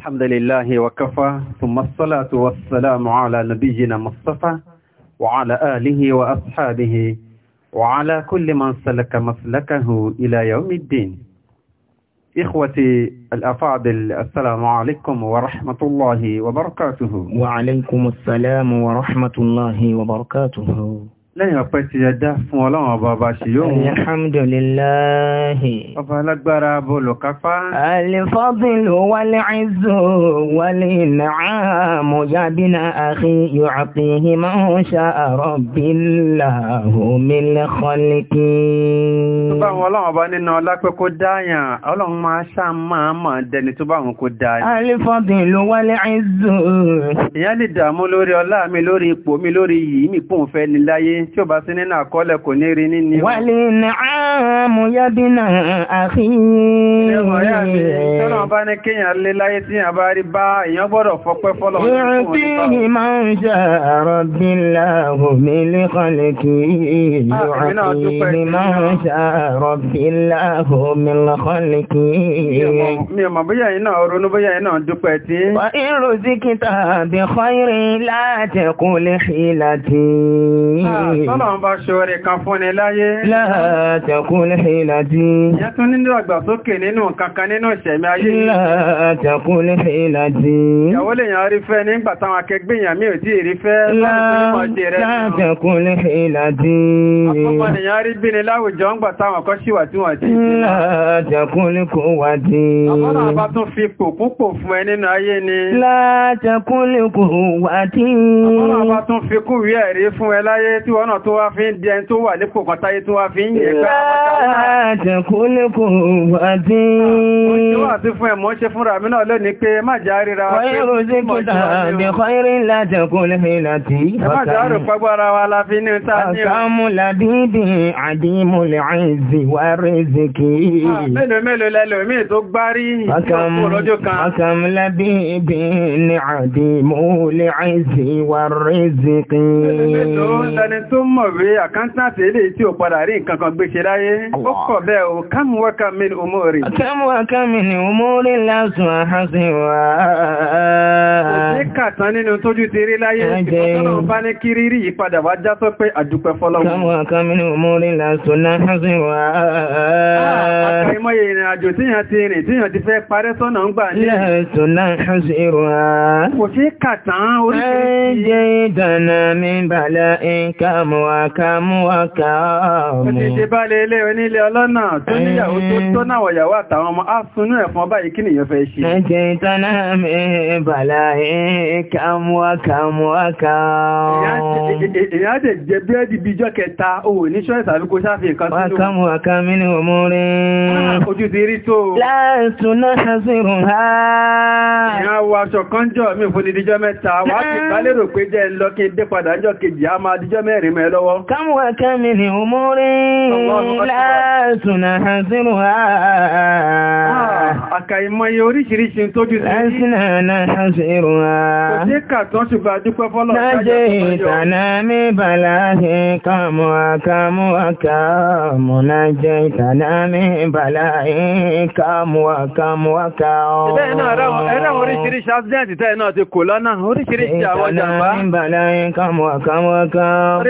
الحمد لله وكفى ثم الصلاة والسلام على نبينا مصطفى وعلى آله وأصحابه وعلى كل من سلك مسلكه إلى يوم الدين إخوتي الأفاضل السلام عليكم ورحمة الله وبركاته وعليكم السلام ورحمة الله وبركاته lẹ́yìn ọpẹ́ ti ẹdá fún ọlọ́run ọba ọba ṣe yóò mú. alhamdulillahi. ọba alágbára bọ̀lọ̀kápá. alifọ́bìlù wálé àìzò wálé nàámù yábínà àkí yọ̀ọ̀kìhì máa ń ṣàárọ̀ bíláhù mílẹ̀kọ́líkì. tó bá wọn ọlọ́run ọba nínú ọlápẹ́ kó dáyàn ọlọ́run máa ṣàmáàmà dẹni tó bá wọn mi lórí tí ó bá sí nínú àkọọ́lẹ̀ kò ní rí níní. wàlẹ̀ ní àmú yábínà àfihàn. ẹ̀rọ mi tọ́nà bá ní kéèyàn lé láyé tí a bá rí bá èèyàn gbọ́dọ̀ fọpẹ́ fọlọ́. ìrìn tí yìí máa ń jà àrọ̀ bí láàrùn mi lẹ́kọ̀ọ́lẹ̀ kì í yọ̀rọ̀ tí máa ń jà àrọ̀ bí láàrùn mi lẹ́kọ̀ọ́lẹ̀ kì í. mi ò mọ̀ bóyá yìí náà ronú bóyá yìí náà dúpẹ́ tí. wà á ń rò sí kìtà bí kọ́ Tọ́lọ̀ ń bá ṣọ́rẹ̀ kan fún ni láyé. Láàtẹ̀kún lẹ́hìnlájí. Yẹ́ tún nínú àgbàsókè nínú kankan nínú ìṣẹ̀mí ayé. Láàtẹ̀kún lẹ́hìnlájí. Ìyàwó lè yàn rí fẹ́ nígbà táwọn akẹgbìyàn mi ò tí ì rí fẹ́. Láàtẹ̀kún lẹ́hìnlájí. Àkọ́kọ́ ni yàn rí bí ni láwùjọ ń gbà táwọn kọ́ ṣíwà tí wọ́n ti. Láàtẹ̀kún lẹ́kọ̀ọ́wádìí. Àbọ́nà àbá tún fi pò púpò fún ẹ nínú ayé ni. Láàtẹ̀kún lẹ́kọ̀ọ́wádìí. Àbọ́nà àbá tún fi kú wí ẹ̀rí fún ẹ láyé tí w wọ́n náà tó wá fi ń dẹ tó wà nípò kan táyé tó wá fi ń yẹ pẹ́ àtẹ̀kúnlẹ́kù àti wà sí fún ẹ̀mọ́ ṣe fúnra mi náà lónìí pé má jà ríra Mélòó mélòó lẹ́lòmí tó gbárí ìlú ọjọ́ kan. Àkàmùlẹ́bí ibi ni àdìmú lè àìsí wà rí zìkì. Mélòó lẹ́ni tó mọ̀wé àkántàtì ilé tí ó padà rí nǹkan kan gbé ṣe láyé ó kọ̀ bẹ́ẹ̀ o kámúwákà min umori kámúwákà min umori lásùn àhásíwá kò sí kàtán nínú tójú ti rí láyé ìfọ́tọ́lọ́ bá ní kí rírí ìpadà wá já sọ pé àdúpẹ́ fọ́lọ́wọ́ kámúwákà min umori lásùn ah, àhásíwá àkàìmọye ìrìn àjò tíyàn ti rìn tíyàn ti fẹ́ parẹ́ sọ́nà ń gbà ní lásùn àhásíwá kò àmúwàká múwàká ọmọ. Ó ti ṣe bá lé ilé onílé ọlọ́nà tó níyàwó tó eh. tó náà wọ̀yàwó àtàwọn ọmọ áfúnú ẹ̀fọn báyìí kí nìyàn fẹ́ ṣe. Ẹjẹ́ ìtaná mi bàlá ẹ̀ẹ́ká múwàká múwàká Ìyá jẹ jẹ búrẹ́dì bí ijọ́ kẹta, o ní ṣọ́ ìsàbí kó ah, kan mẹ́ lọ́wọ́. Kámùwà kẹ́mi ni ó múrí lásùnà àṣírù àà. Àkàìmọye oríṣiríṣi tójú sí. Lásùnà àṣírù àà. Kò sí kàtọ́ ṣùgbà dúpẹ́ fọ́lọ̀ Lájẹ́ ìtànà mi bàlá ṣe kàmùwà kàmùwà kàmù. Lájẹ́ ìtànà kàmù.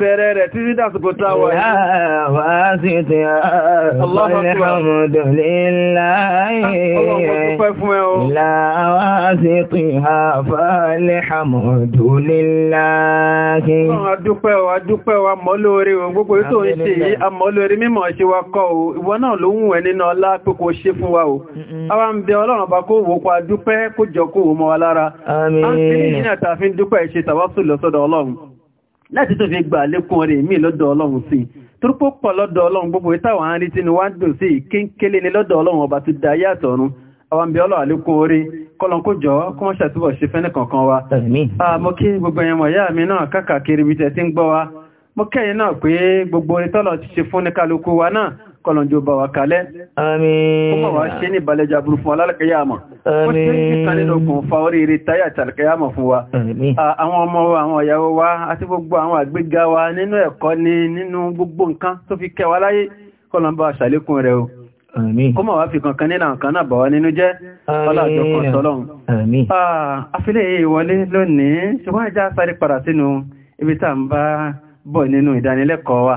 bẹ̀rẹ̀ rẹ̀ títí dàsìkò táwà Adúpẹ́ wa, adúpẹ́ wa, mọ́lórí wọn gbogbo tó ń ṣe yí, a mọ́lórí mímọ̀ ṣe wa kọ́ o, ìwọ náà ló ń wẹ̀ nínú ọlá pé ṣe fún wa o. A wá ń bẹ ọlọ́run bá kó wò kó adúpẹ́ kó jọ kó wò mọ́ wa lára. A ń fi ní ìyìn àtàfin dúpẹ́ ṣe tàwásù lọ́sọ́dọ̀ ọlọ́run láti tó fi gbà lékún ọrẹ mi lọ́dọ̀ ọlọ́run sí torípò pọ̀ lọ́dọ̀ ọlọ́run gbogbo ìtàwọn àárín tí ni wá ń dùn sí kéńkélé ni lọ́dọ̀ ọlọ́run ọba ti da ayé àtọ̀run àwọn bí ọlọ́ àlékún orí kọlọ̀ kó jọ kọ́ ṣe fẹ́ni mi náà káàkiri bí tẹ̀ tí ń gbọ́ wa mo kẹ́yìn náà pé ní kálukú wa kọlọ̀njò bá wa kalẹ̀. Àmín. Kó bá wa ṣe ní balẹ̀jà burú fún alálẹ́kẹyàmọ̀. Àmín. Ó ṣe ń kíkà nínú kùn fa oríire táyà tàlẹ́kẹyàmọ̀ fún wa. Àmín. Àwọn ọmọ wa, àwọn ìyàwó wa, àti gbogbo àwọn àgbéga wa nínú ẹ̀kọ́ ni nínú gbogbo nǹkan tó fi kẹ́ wa láyé kọlọ̀nbá ṣàlékún rẹ̀ o. Àmín. Kó mọ̀ wá fi kankan nínú àǹkan náà bà wá nínú jẹ́. Àmín. Ọlọ́jọ́ kan sọ́lọ́run. Àmín. Afílẹ̀ ìwọlé lónìí, ṣùgbọ́n ìjà sáré padà sínú ibi tá ń bá bọ̀ nínú ìdánilẹ́kọ̀ọ́ wa.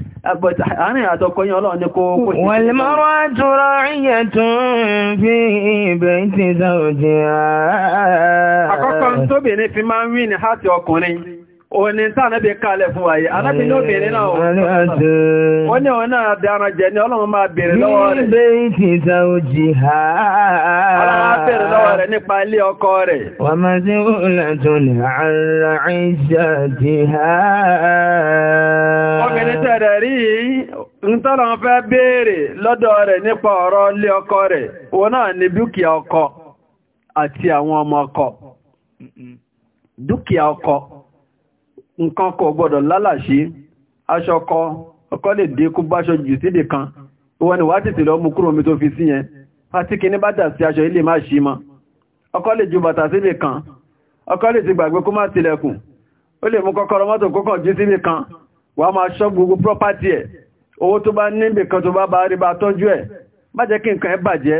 àárín àtọkọyìn ọlọ́run ní kó kó sí. wal mar'atu ra'iyatun fi bayti zawjiha. àkọ́kọ́ tóbi ní fi máa ń rí ní háàtì ọkùnrin òní tánàbí kalẹ̀ fún wáyé anábí ní obìnrin náà wọ́n ní ọ̀nà àbíara jẹ ní ọlọ́run máa bèèrè lọ́wọ́ rẹ̀ bíbé ìfìta òjì ha aláwọ̀ bèèrè lọ́wọ́ rẹ̀ nípa ilé ọkọ rẹ̀ wà máa tí ọkọ dúkìá ọkọ ọkọ ọkọ nǹkan kò gbọ́dọ̀ lálàṣí aṣọ kọ ọkọ́ lè dé kó báṣọ jù sídè kan ìwọ ni wà tètè lọ mú kúrò omi tó fi sí yẹn àti kí ní bá dà sí aṣọ ilé má ṣí mọ́ ọkọ́ lè ju bàtà síbì kan ọkọ́ lè ti gbàgbé kó má tilẹ̀kùn ó lè mú kọ́kọ́rọ́ mọ́tò kókàn jú síbì kan wà máa ṣọ́ gbogbo property ẹ̀ owó tó bá níbì kan tó bá bá rí bá tọ́jú ẹ̀ má kí nǹkan ẹ bàjẹ́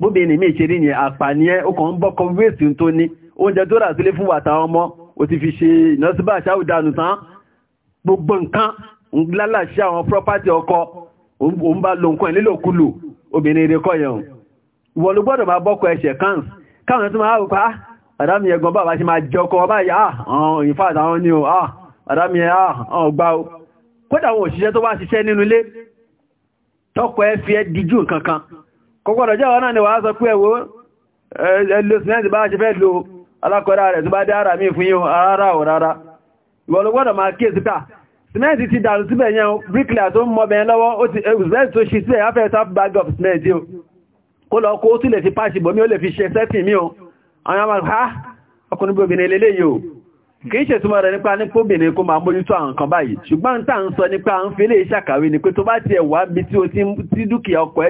bóbìnrin mi ṣe rí yẹn àpàníyàn ó kàn ń bọ́kọ wéèsì tó ní oúnjẹ tó rà sílé fún wàtà ọmọ ó ti fi ṣe ìnásíbà àṣàwùdánù tán gbogbo nǹkan ńlálàṣẹ àwọn property ọkọ òun bá lo nǹkan ìlélòkulò obìnrin rẹ kọ́ yẹn ìwọ ló gbọ́dọ̀ máa bọ́kọ ẹ̀ṣẹ̀ kan káwọn tó máa ah, ah, ni ó ah, àdámi ẹ̀ àwọn ọgbà ó kódà àwọn òṣìṣẹ́ tó wá ṣiṣẹ́ nínú ilé tọkọ ẹ fi ẹ díjú nǹkan kọ́kọ́rọ̀ jẹ́ ọ̀nà ni wà á sọ pé ẹwọ́ ẹlò sinẹ́ntì bá ṣe fẹ́ lo alákọ̀ọ́rá rẹ̀ tó bá dé ara mi fún yíò ara ò rárá ìwọ̀n gbọ́dọ̀ máa kí èsìká sinẹ́ntì ti dànù síbẹ̀ yẹn bríkìlà tó ń mọ́bẹ̀ lọ́wọ́ ó ti ẹgbùsẹ́ tó tap bag of cement yóò kó lọ kó tún lè fi páṣì bòmí ó lè fi ṣe sẹ́tì mí o àwọn ọmọ ha ọkùnrin gbogbo ilé yìí o kì í ṣètúmọ̀ rẹ̀ nípa nípa obìnrin kó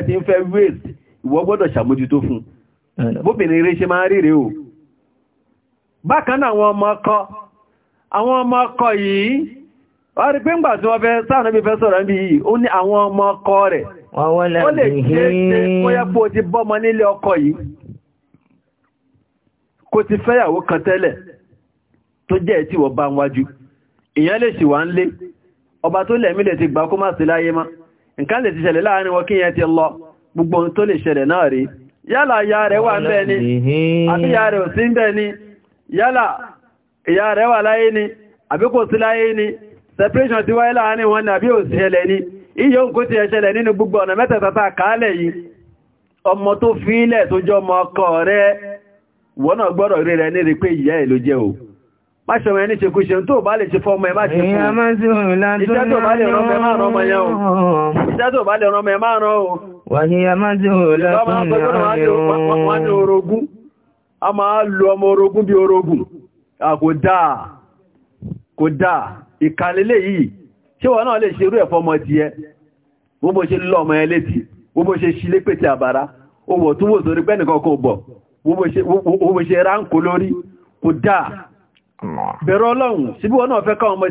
ti ń fẹ́ waste ìwọ gbọ́dọ̀ ṣàmójútó fún bóbìnrin eré ṣe máa ríre o bákan náà àwọn ọmọ ọkọ àwọn ọmọ ọkọ yìí wọ́n rí pé ń gbà tí wọ́n fẹ́ sáàrùn ibi fẹ́ sọ̀rọ̀ níbi yìí ó ní àwọn ọmọ ọkọ rẹ̀ ó lè ṣe ṣe kóyẹ́ pé o ti bọ́mọ nílé ọkọ yìí nǹkan lè ti ṣẹlẹ̀ láàrin wọn kíyẹn ti lọ gbogbo ohun tó lè ṣẹlẹ̀ náà rí yálà ìyá rẹ̀ wà ń bẹ ni àbí ìyá rẹ̀ ò sí ń bẹ ni yálà ìyá rẹ̀ wà láyé ni àbí kò sí láyé ni separation ti wáyé láàárín wọn ni àbí ò sí ẹlẹ̀ ni iye òǹkó ti ẹṣẹlẹ̀ nínú gbogbo ọ̀nà mẹ́tẹ̀ẹ̀ta kàálẹ̀ yìí ọmọ tó fílẹ̀ tó jọ ọmọ ọkọ rẹ̀ wọ́n náà gbọ́dọ̀ rí rẹ̀ ní pé ìyá ẹ̀ ló jẹ́ o má ṣe wọ́n ẹni ṣe kú ṣe tó bá lè ṣe fọ́mọ ẹ má ṣe fún ìṣẹ́ tó bá lè rán mẹ́ márùn-ún wàhíyà májúhùlá fún ìrìn orogún a máa lo ọmọ orogún bí kò dáa kò dáa ìkàlélé yìí wọ́n náà lè ṣe irú ẹ̀fọ́ ọmọ ti ẹ gbogbo ṣe lọ ọmọ ẹ létí gbogbo ṣe ṣílé pètè owó wò sórí pẹ́ nìkan kò bọ̀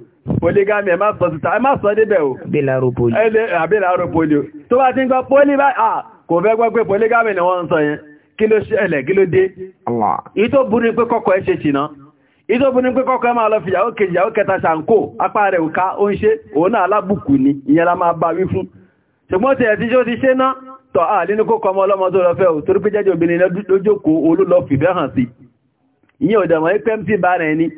polygamy ẹ má sọ síta ẹ má sọ polio tó bá ti ń gbọ́ poli kò fẹ́ gbọ́ pé ni wọ́n sọ yẹn kí ló ṣẹlẹ̀ kí ló dé ìtò burú pé kọ́kọ́ ẹ ṣe ṣìnà ìtò burú pé kọ́kọ́ ẹ máa lọ fìyàwó kẹta ṣàǹkó apá rẹ̀ ó ń ṣe òun náà alábùkù ni ìyẹn la máa bá wí fún ṣùgbọ́n ẹ̀ ti ti ṣe tọ́ à nínú kó kọmọ ọlọ́mọ tó lọ fẹ́ ò torí pé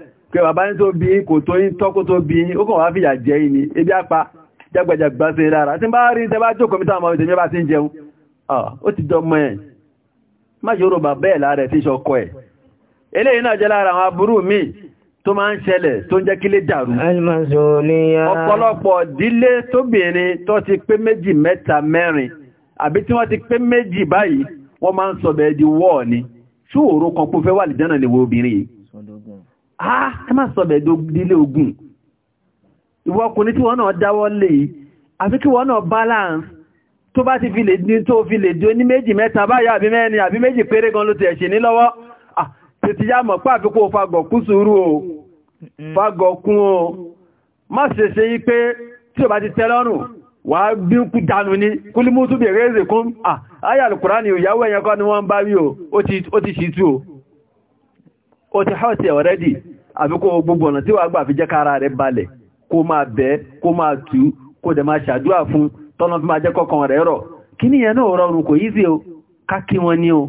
pé bàbá ní tó bí kò tó yí tọ́kó tó bí ó kàn wá fìyà jẹ́ yìí ni ebi apá jẹ́gbẹ̀jẹ̀gbà sí lára tí bá rí tẹ́bá jókòó mítà ọmọ ìtẹ̀mí bá ti ń jẹun ó ti dọmọ ẹ̀ má ṣe rọ̀bà bẹ́ẹ̀ lára tí ṣọkọ ẹ̀ eléyìí náà jẹ́ lára àwọn aburú mi tó máa ń ṣẹlẹ̀ tó ń jẹ́ kílé dàrú ọ̀pọ̀lọpọ̀ dílé tóbìnrin tó ti pé méjì mẹ́ta mẹ́rin àbí tí wọ́n ti pé méjì báyìí wọ́n máa ń sọ̀bẹ̀ di wọ́ọ̀ ni ṣúwòrò kan kó fẹ́ wà lìjánà lè obìnrin yìí ah ẹ má sọ bẹ̀ẹ́dó dílé ogun ìwọ ọkùnrin tí wọ́n náà dáwọ́ lé yìí àfi kí wọ́n náà balance tó bá ti fi lè ní tó fi lè dí ní méjì mẹ́ta báyà àbí mẹ́rin àbí méjì péré gan ló ti ẹ̀ṣẹ̀ ní lọ́wọ́ tètè yá mọ̀ pàfi kó fagọ̀kú sùúrù o fagọ̀kún o má ṣe ṣe yí pé tí o bá ti tẹ́lọ́rùn wà á bí ń kú dànù ní kúlímútú bèèrè èzèkún àyàlùkùrá ni ìyàwó ẹ̀yẹn kọ́ ni wọ́n ń bá rí o ó ti ṣì tú o ó ti hàtì ọ̀rẹ́dì àbíkó gbogbo ọ̀nà tí wà gbà fi jẹ́ rẹ̀ balẹ̀ kó máa bẹ́ kó máa tú kó dẹ̀ máa ṣàdúrà fún tọ́nà fi máa jẹ́ kọ́kàn rẹ̀ rọ̀ kí ní yẹn náà kò o kákí wọn ní o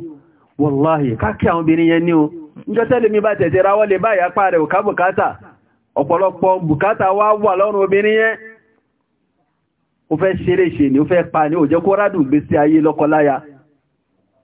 wàláhì kákí àwọn obìnrin yẹn ní o níjọ́ tẹ́lẹ̀ mi bá tẹ̀tẹ̀ rawọ́ lè pa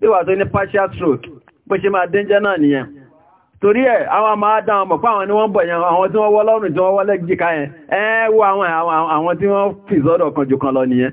díwà tó ní partial stroke bó ṣe máa dẹ́njẹ́ náà nìyẹn torí ẹ̀ àwọn máa dá wọn mọ̀ àwọn ni wọ́n bọ̀ yẹn àwọn tí wọ́n wọ́ lọ́rùn tí wọ́n wọ́ lẹ́gbẹ̀ẹ́ yẹn ẹ́ wọ àwọn tí wọ́n fi sọ́dọ̀ kan jù kan lọ nìyẹn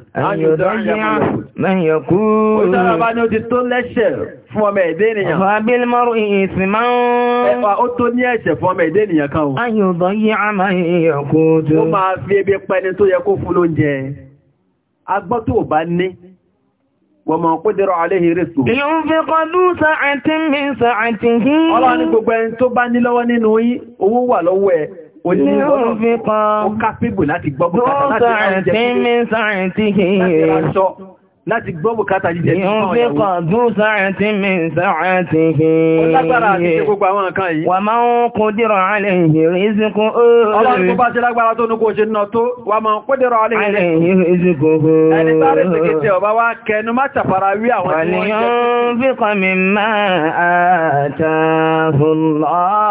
Ayọ̀dọ̀ yí àmà ìyọ̀kú tó. Ó máa fi ebi pẹni tó yẹ fún ló jẹ. Agbọ́ tó bá ní, máa kó dẹ̀rọ aléhì rẹ̀sù. fi kọlú sa'àtí mi sa'àtí hì. Ọlọ́ni gbogbo ẹni tó bá ní lọ́wọ́ nínú yí, owó oníwọ́nfíkọ́ ó kápébù láti gbọ́ bùkátà jíjẹ tí wọ́n yàwó. Ìyọ́nfíkọ̀ dú sáàtì mi sáàtì hì. Ó lágbára àti ṣe gbogbo àwọn nǹkan yìí. Wà máa ń kó dìrọ̀ alẹ́ ìhìrì ìsìnkú ooo. Ọlọ́run tó bá ṣe lágbára tó nukú ṣe náà tó, wà máa ń kó dìrọ̀ alẹ́ ìhìrì ìsìnkú ooo. Ẹni sáré sèkéjì ọba wá kẹnu má ṣàfara wí àwọn tí wọ́n jẹ́. Ìyọ́nfíkọ̀ mi máa àtàhùn lọ́ọ̀.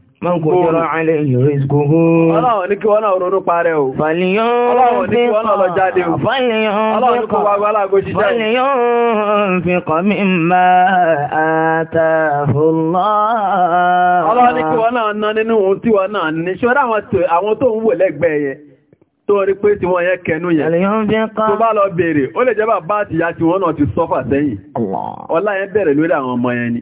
Mọ́n kò jọrọ alẹ́ ìrìn ìsìnkú. Ọlọ́run ní kí wọ́n náà ronú parẹ́ o. Fàlìyàn Ọlọ́run ní kí wọ́n náà lọ jáde o. Fàlìyàn Ọlọ́run kò wá gbálá kò ṣiṣẹ́. Fàlìyàn fi kọ́ mi máa àtàfúnlá. Ọlọ́run ní kí wọ́n náà ná nínú ohun tí wọ́n náà ní. Ṣé àwọn tó ń wò lẹ́gbẹ̀ẹ́ yẹn tó yẹ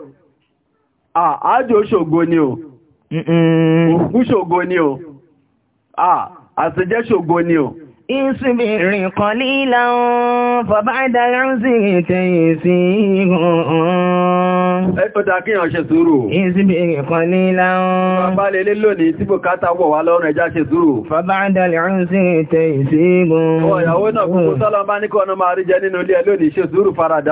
àájò ṣògo ni o òkú ṣògo ni o àṣẹjẹ́ ṣògo ni o اصبر قليلا فبعد العسر تيسير Ẹ̀kọ́ta kí yàn ṣe sùúrù. اصبر قليلا. Bàbá lè lè lónìí tí bùkátà wọ̀ wá lọ́rùn ẹjá ṣe sùúrù. فبعد العسر تيسير. Ọ̀yàwó náà kúkú sọ́lọ bá ní kọ́nà máa rí jẹ nínú ilé ẹ lónìí ṣe sùúrù farada.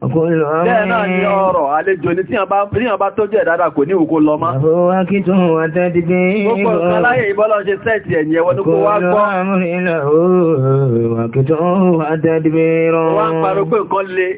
Bẹ́ẹ̀ náà ni ọrọ̀ àlejò ní tí a bá tó jẹ́ dáadáa kò ní òkú lọ máa. Àwọn akítún wà tẹ́tí gbé ìbọn. Gbogbo ọ̀sán láyé ìbọ́lọ́ ṣe sẹ́ẹ̀tì ẹ̀yìn ẹwọ́n tó kó wá gbọ́. Kò lọ́wọ́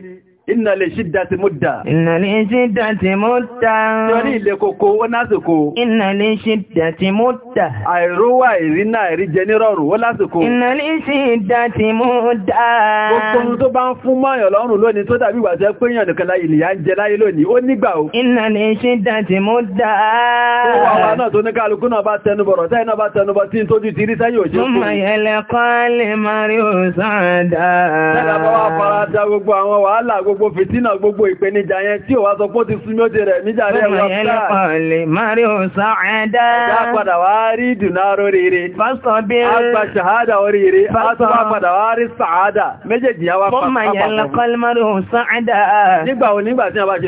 Inna lè ṣídá ti múdà. Inna lè ṣídá ti múdà. Tí ó ní ilé kòkó ó lásìkò. Inna lè ṣídá ti múdà. Àìrówà ìrìnà ìríjẹ nírọ̀rùn ó lásìkò. Inna lè ṣídá ti múdà. Gbogbo ohun tó bá ń fún mọ́yàn lọ́rùn lónìí tó dàbí ìwà tẹ́ pé èèyàn nìkan láyé ìyà ń jẹ láyé lónìí ó nígbà o. Inna lè ṣídá ti múdà. Ó wà wà náà tó ní kálukú náà bá tẹnubọ̀rọ̀ tẹ́yìn náà bá tẹnubọ̀ tí ń tójú ti rí sẹ́yìn òjò. Mo mọ̀ yẹlẹ lè máa rí òsàn dáa. Tẹ́lẹ̀ fara da gbogbo àwọn wàhálà gbogbo fìtínà gbogbo ìpènijà yẹn tí ò wá sọ pọ́ ti súnmọ́ ti rẹ̀ níjà rẹ̀ wọ́n padà wá rí ìdùnnà oríire agba ṣàhádà oríire àtúwà padà wá rí sàádà méjèèjì yá wá nígbà wo nígbà tí a bá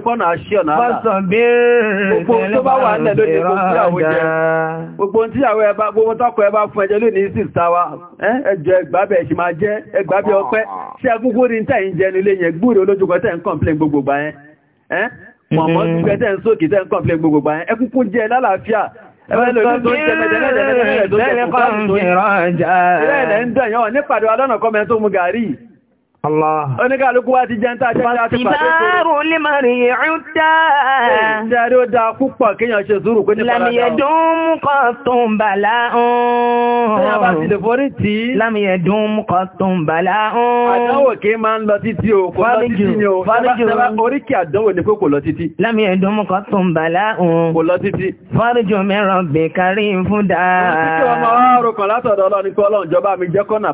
rí àṣí ọ̀nà Gbogbo tí àwọn ẹba gbogbo tọ́kọ̀ ẹba fún ẹjẹ́ jẹ́ ẹgbàbẹ̀ ọpẹ́, ṣe ẹgbúgbú ń jẹ nílé yẹn gbúrò olójúkọ ń kọ́mplẹ̀n gbogbogbà yẹn. Mọ̀mọ́ mm-hmm. ti tó ń jẹ Oníkàlùkú wá ti jẹntà jẹntà ti pàdé tó. Ìbárò lè máa rí ìrún dáa. Ìṣẹ́rí ó dáa púpọ̀ kíyàn ṣe sùúrù pé ní padà dáa. Lámìyẹ̀dún mú kọ́ tó bà láhùn. kò lọ títí ni o. bè kárí fún dáa. Títí ọmọ wa rọkàn látọ̀dọ̀ ọlọ́run kọ́ ọlọ́run jọba mi jẹ́ kọ́nà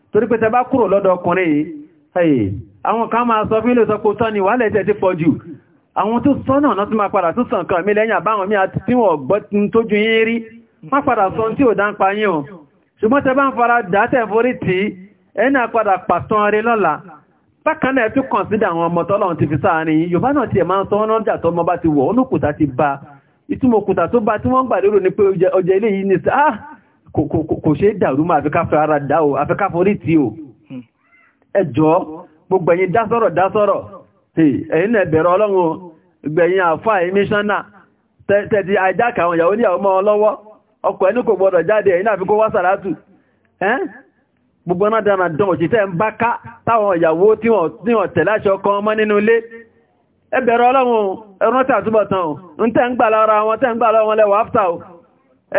torí pé tẹbá kúrò lọ́dọ̀ ọkùnrin yìí àwọn kan máa sọ fílò sọ pé tọ́ni wà lẹ́tẹ̀ ti pọ̀jù àwọn tó sọ́nà ọ̀nà tí máa padà tó sàn kan mi lẹ́yìn àbáwọn mi àti tí wọ́n gbọ́ tójú yín rí má padà sọ tí ò dánpa yín o ṣùgbọ́n tẹ bá ń fara dátẹ̀ forí tí ẹni àpadà pàtàn ba ìtumọ̀ òkùtà tó bá tí wọ́n gbàdérò ní pé ọjà ilé yìí kò ṣe dàrú máa àfikà fẹ́ ara dá o àfikà forí tí o ẹjọ́ gbogbo ẹ̀yin dásọ̀rọ̀ dásọ̀rọ̀ ẹ̀yin náà bẹ̀rẹ̀ ọlọ́run gbẹ̀yìn àfà ìmíṣánná tẹ́tí àjákà àwọn ìyàwó níyàwó mọ́ ọlọ́wọ́ ọkọ ẹni kò gbọdọ̀ jáde ẹ̀yin náà fi kó wá sàrátù gbogbo náà dára dán òṣìṣẹ́ ń bá ká táwọn ìyàwó tí wọ́n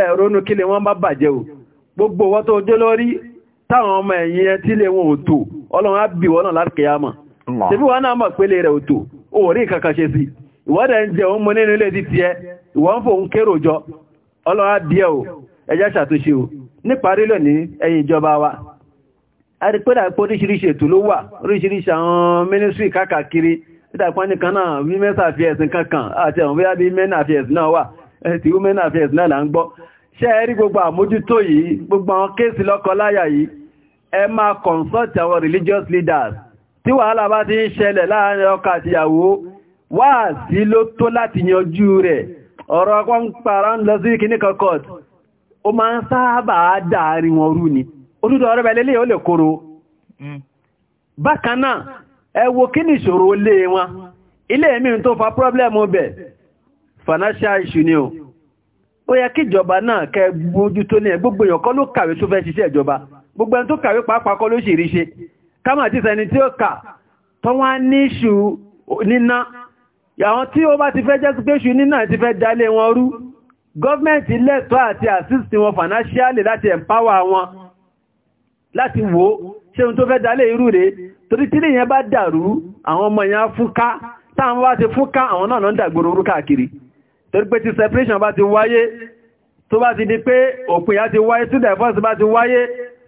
ẹ̀rọnú kí lè wọ́n bá bàjẹ́ o gbogbo wọ́n tó jẹ́ lórí táwọn ọmọ ẹ̀yìn ẹ tí lè wọn ò tó ọlọ́run á bí wọ́n náà láti kẹyàmà tẹ́bí wọ́n náà mọ̀ pélé rẹ̀ ò tó orí kankan ṣe sí ìwọ́dẹ̀ ń jẹ òun mọ nínú ilé ti tiẹ̀ ìwọ́n fò ń kérò wa ètò ló wà oríṣiríṣi àwọn mínísírì káàkiri nígbà pọ́nìkan náà bí fi ẹ̀sìn kankan àti àwọn bí mẹ́nà fi ẹ̀sìn náà wà ti women affairs náà là ń gbọ́ ṣé ẹ rí gbogbo àmójútó yìí gbogbo àwọn kéèsì lọ́kọláyà yìí ẹ máa consult àwọn religious leaders tí wàhálà bá ti ń ṣẹlẹ̀ láàrin ọkọ àtìyàwó wáàsí ló tó láti yanjú rẹ̀ ọ̀rọ̀ ọkọ̀ ń para ń lọ sí kìnníkan court ó máa ń sáábà dáàrí wọn rú ni olúdó ọ̀rẹ́ bẹ̀lẹ́ lè ó lè kóró hmm. bákan náà ẹ wo kí ni ìṣòro lé wọn ilé mi tó fa problem bẹ̀ financial issue ni o ó yẹ kí ìjọba náà kẹ gbójú tó ní ẹ gbogbo èèyàn kọ́ ló kàwé tó fẹ́ ṣiṣẹ́ ìjọba gbogbo ẹni tó kàwé pàápàá kọ́ ló sì rí ṣe kámà tí sẹni tí ó kà tó wá ní ìṣù níná àwọn tí ó bá ti fẹ́ jẹ́ pé ìṣù níná ti fẹ́ dalé wọn rú gọ́ọ̀mẹ̀ntì lẹ́tọ́ àti assist wọn financially láti empower wọn láti wò ṣe ohun tó fẹ́ dalé irú rẹ̀ torí tí lèyàn bá dàrú àwọn ọmọ yẹn fúnká táwọn bá ti fúnká àwọn náà náà dàgbòrò orú káàkiri torí pé ti separation bá ti wáyé tó bá ti di pé òpìyà ti wáyé tí divorce bá ti wáyé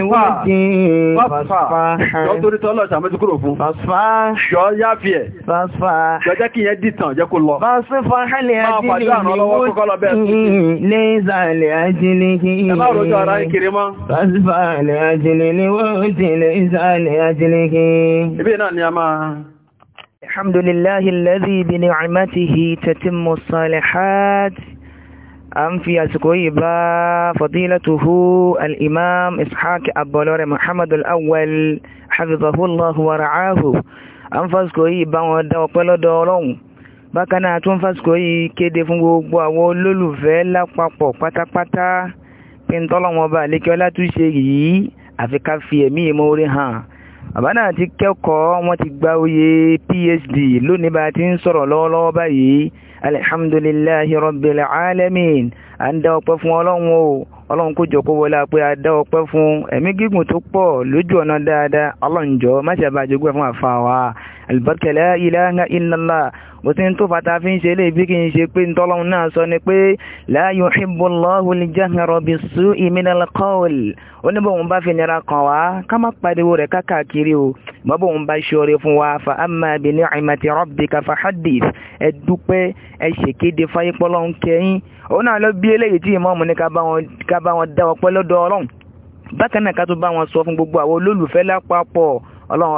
Ibi náà ni a máa الحمد لله الذي بنعمته تتم الصالحات a ń fi àsìkò yìí bá fadilatuhu al'imam ishaq abọlọ́rẹ̀ muhammadu al'awwal hafizahullahu wa ra'ahu a ń fásikò yìí bá wọn dá ọpẹ́ lọ́dọ̀ ọlọ́run bákan náà tún fásikò yìí kéde fún gbogbo àwọn olólùfẹ́ lápapọ̀ pátápátá pé ń tọ́lọ́wọ́n bá lékẹ́ látúnṣe yìí àfi ká phd lónìí bá ti ń sọ̀rọ̀ alhamdulillahi rabbil alamin à ń dá ọpẹ́ fún ọlọ́run o ọlọ́run kó jọ kó wọlé apẹ adá ọpẹ́ fún ẹ̀mí gígùn tó pọ̀ lójú ọ̀nà dáadáa ọlọ́run jọ má ṣe àbájọ gbé fún àfa wa alibarika la ilaha illallah bó ti ń tó fata fi ń ṣe lébi kí n ṣe pé ntọ́lọ́run náà ni pé la yuhibbullahu al-jahra bis-su'i minal qawl oníbòun bá fi nira kàn wá ká má pariwo rẹ̀ káàkiri o mọ́bòun bá ṣọ́re fún wa fa amma bi ni'mati rabbika fa hadith ẹ dúpẹ́ ẹ ṣèkéde fáyé pọ́lọ́ ń kẹyìn òun náà lọ bí eléyìí tí ìmọ̀ọ́mù ní ká bá wọn dá ọpẹ́ lọ́dọ̀ ọlọ́run bákan náà ká tó bá wọn sọ fún gbogbo àwọn olólùfẹ́ lápapọ̀ ọlọ́run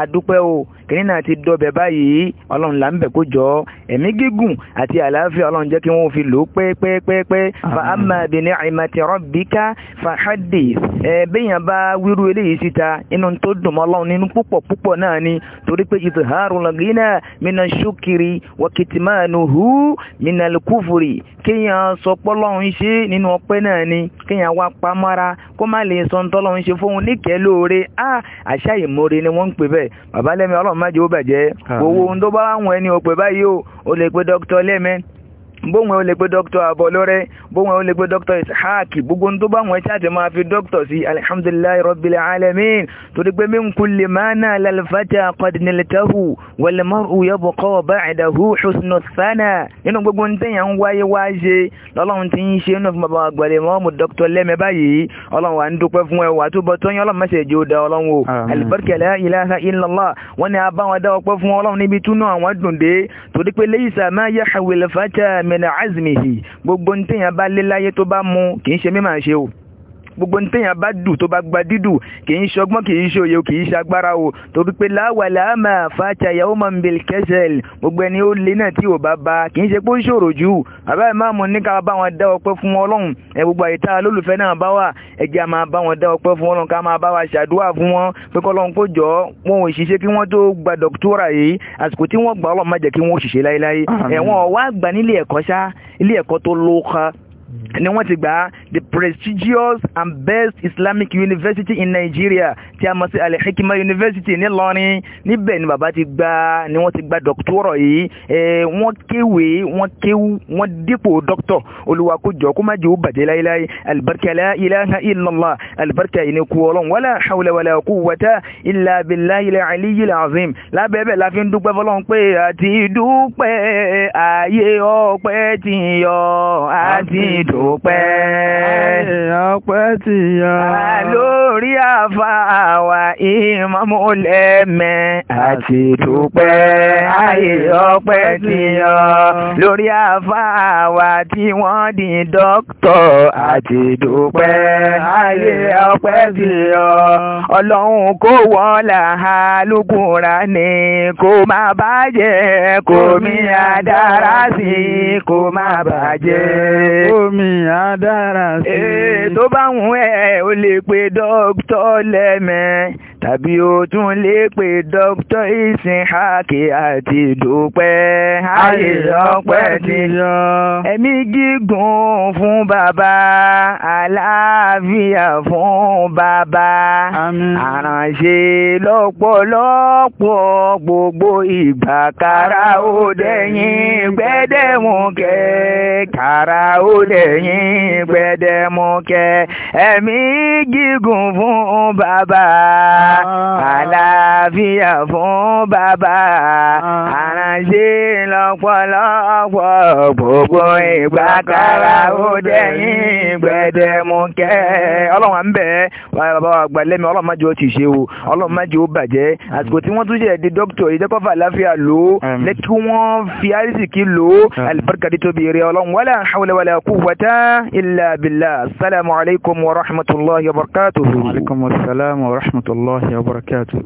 a o kìnní náà ti dọbẹ̀ báyìí ọlọ́run là ń bẹ̀ kó jọ ẹ̀mí gígùn àti àlàáfíà ọlọ́run jẹ́ kí wọ́n fi lò ó pẹ́ẹ́pẹ́ẹ́pẹ́ fa amma bi ni'mati rabbika fa haddith ẹ bẹ́yàn bá wíru eléyìí síta inú tó dùn mọ́ ọlọ́run nínú púpọ̀ púpọ̀ náà ni torí pé ìfihàrùn lọ́gìnà mina ṣúkiri wọ́kìtìmánuhu mina kúfùrì kéèyàn sọ pọ́lọ́run ṣe nínú ọpẹ́ náà ni kéèyàn wá pamọ́ra kó má lè sọ ń tọ́lọ́run ṣe fóun níkẹ́ lóore àṣà ìmoore ni wọ́n ń pè bẹ́ẹ̀ bàbá lẹ́mi ọlọ́run ọlọ́run má jẹ́ ó tó bá wà ẹni ò pè báyìí o ò lè pe dr lẹ́mẹ́ bóun ẹ̀ ó lè pé dókítà abọ́lọ́rẹ́ bóun ẹ̀ ó lè pé dókítà ìsáàkì gbogbo tó bá wọn ṣáàtì máa fi dókítà sí alhamdulilayi rabbil alamin torí pé min kulli máa náà lalfàtà kọ́dínlẹ̀tàhù wàlẹ̀mọ́rù yẹ́bùkọ́ bá ẹ̀dàhù husnu sana nínú gbogbo tẹ̀yàn ń wáyé wá ṣe lọ́lọ́run ti ń ṣe nínú fún bàbá àgbàlẹ̀ mọ́mù dókítà lẹ́mẹ́ báyìí ọlọ́run wà min azmihi gbogbo ní tèèyàn bá lé láyé tó bá mú kì í ṣe mímọ̀ ṣe o gbogbo ní téèyàn bá dù tó bá gba dídù kì í ṣọgbọ́n kì í ṣòye kì í ṣagbára o torí pé láwàlá àmà fàájà yahoo mambil kẹsẹ̀l gbogbo ẹni ó lé náà tí ò bá ba kì í ṣe pé ó ṣòro jù bàbá ìmáàmù ní ká bá wọn dá ọpẹ́ fún ọlọ́run ẹ gbogbo àyíká olólùfẹ́ náà bá wà ẹjẹ́ a máa bá wọn dá ọpẹ́ fún ọlọ́run ká máa bá wa ṣàdúrà fún wọn pé kọ́lọ́run kó jọ wọn ò ṣiṣẹ́ kí wọ́n tó gba dọ́kítọ́rà yìí àsìkò tí wọ́n gbà ọlọ́run má jẹ́ kí wọ́n ṣiṣẹ́ láéláé ẹ̀wọ̀n wá gbà nílé ẹ̀kọ́ ṣá ilé ẹ̀kọ́ tó lóka ni wọ́n ti gbà the prestigious and best Islamic University in Nigeria tí a mọ̀ sí Al-Hikma University ní Ìlọrin níbẹ̀ ni bàbá ti gbà ni wọ́n ti gbà dọ́kítọ́rọ̀ yìí wọ́n kéwé wọ́n kéwú wọ́n dípò dọ́kítọ̀ olùwàkójọ kó má jẹ́ ó bàjẹ́ láéláé alibarika ilaha illallah alibarika yìí ni kú ọlọ́run wala hawla wala quwwata illa billahi al-aliyyil azim lábẹ́bẹ̀ la fi ń dúpẹ́ fọlọ́run pé àti dúpẹ́ ààyè ọpẹ́ ti yọ àti dúpẹ́ ló pẹ́. ọpẹ́ ti yàn. lórí àfa àwa ìmọ̀múlẹ́mẹ́ àti dúpẹ́. ayé ọpẹ́ ti yàn. lórí àfa tí wọ́n di dókítọ̀ àti dúpẹ́. ayé ọpẹ́ ti yàn. ọlọ́run kó wọ́n là á ni kó má bàjẹ́ kò mí àdára sí kó má bàjẹ́. omi adára sí. èè tó bá ẹ́ o lè pe dókítà lẹ́mẹ̀ẹ́. tàbí o tún lè pe dókítà ìsìn hákì àti dúpẹ́ ayé ọpẹ́ ti yọ ẹ̀mí gígùn fún bàbá àlàáfíà fún bàbá àránṣe lọ́pọ̀lọpọ̀ gbogbo ìgbà kára ó dẹ̀yìn gbẹ́dẹ̀mùkẹ́ kára ó dẹ̀yìn gbẹ́dẹ̀mùkẹ́ ẹ̀mí gígùn fún bàbá àlàáfíà fún bàbá àránṣẹ́ lọ́pọ̀lọpọ̀ gbogbo ìgbà kára ó dẹ̀yìn gbẹ̀dẹ̀mùkẹ́ ọlọ́run à ń bẹ̀ bàbá àgbà lẹ́mi ọlọ́run májò ti ṣe o ọlọ́run májò bàjẹ́ àsìkò tí wọ́n tún jẹ́ ẹ̀dẹ́ dókítọ̀ ìjẹ́kọ́fà àlàáfíà lò ó lẹ́kí wọ́n fi àrísìkí lò ó àlùbáríkà dé tóbi rẹ̀ ọlọ́run wala hawla wala quwwata illa billah assalamu alaikum wa rahmatullahi wa barakatuhu. wa alaikum assalam wa rahmatullahi. warahmatullahi wabarakatuh.